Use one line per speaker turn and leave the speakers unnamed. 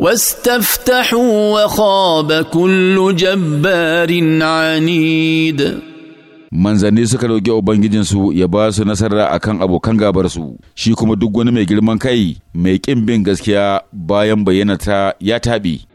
واستفتحوا وخاب كل جبار
عنيد manzanni suka roƙi ubangijinsu ya ba su nasara kan abokan gabarsu shi kuma duk wani mai girman kai mai ƙimbin gaskiya bayan
bayyanata ya taɓe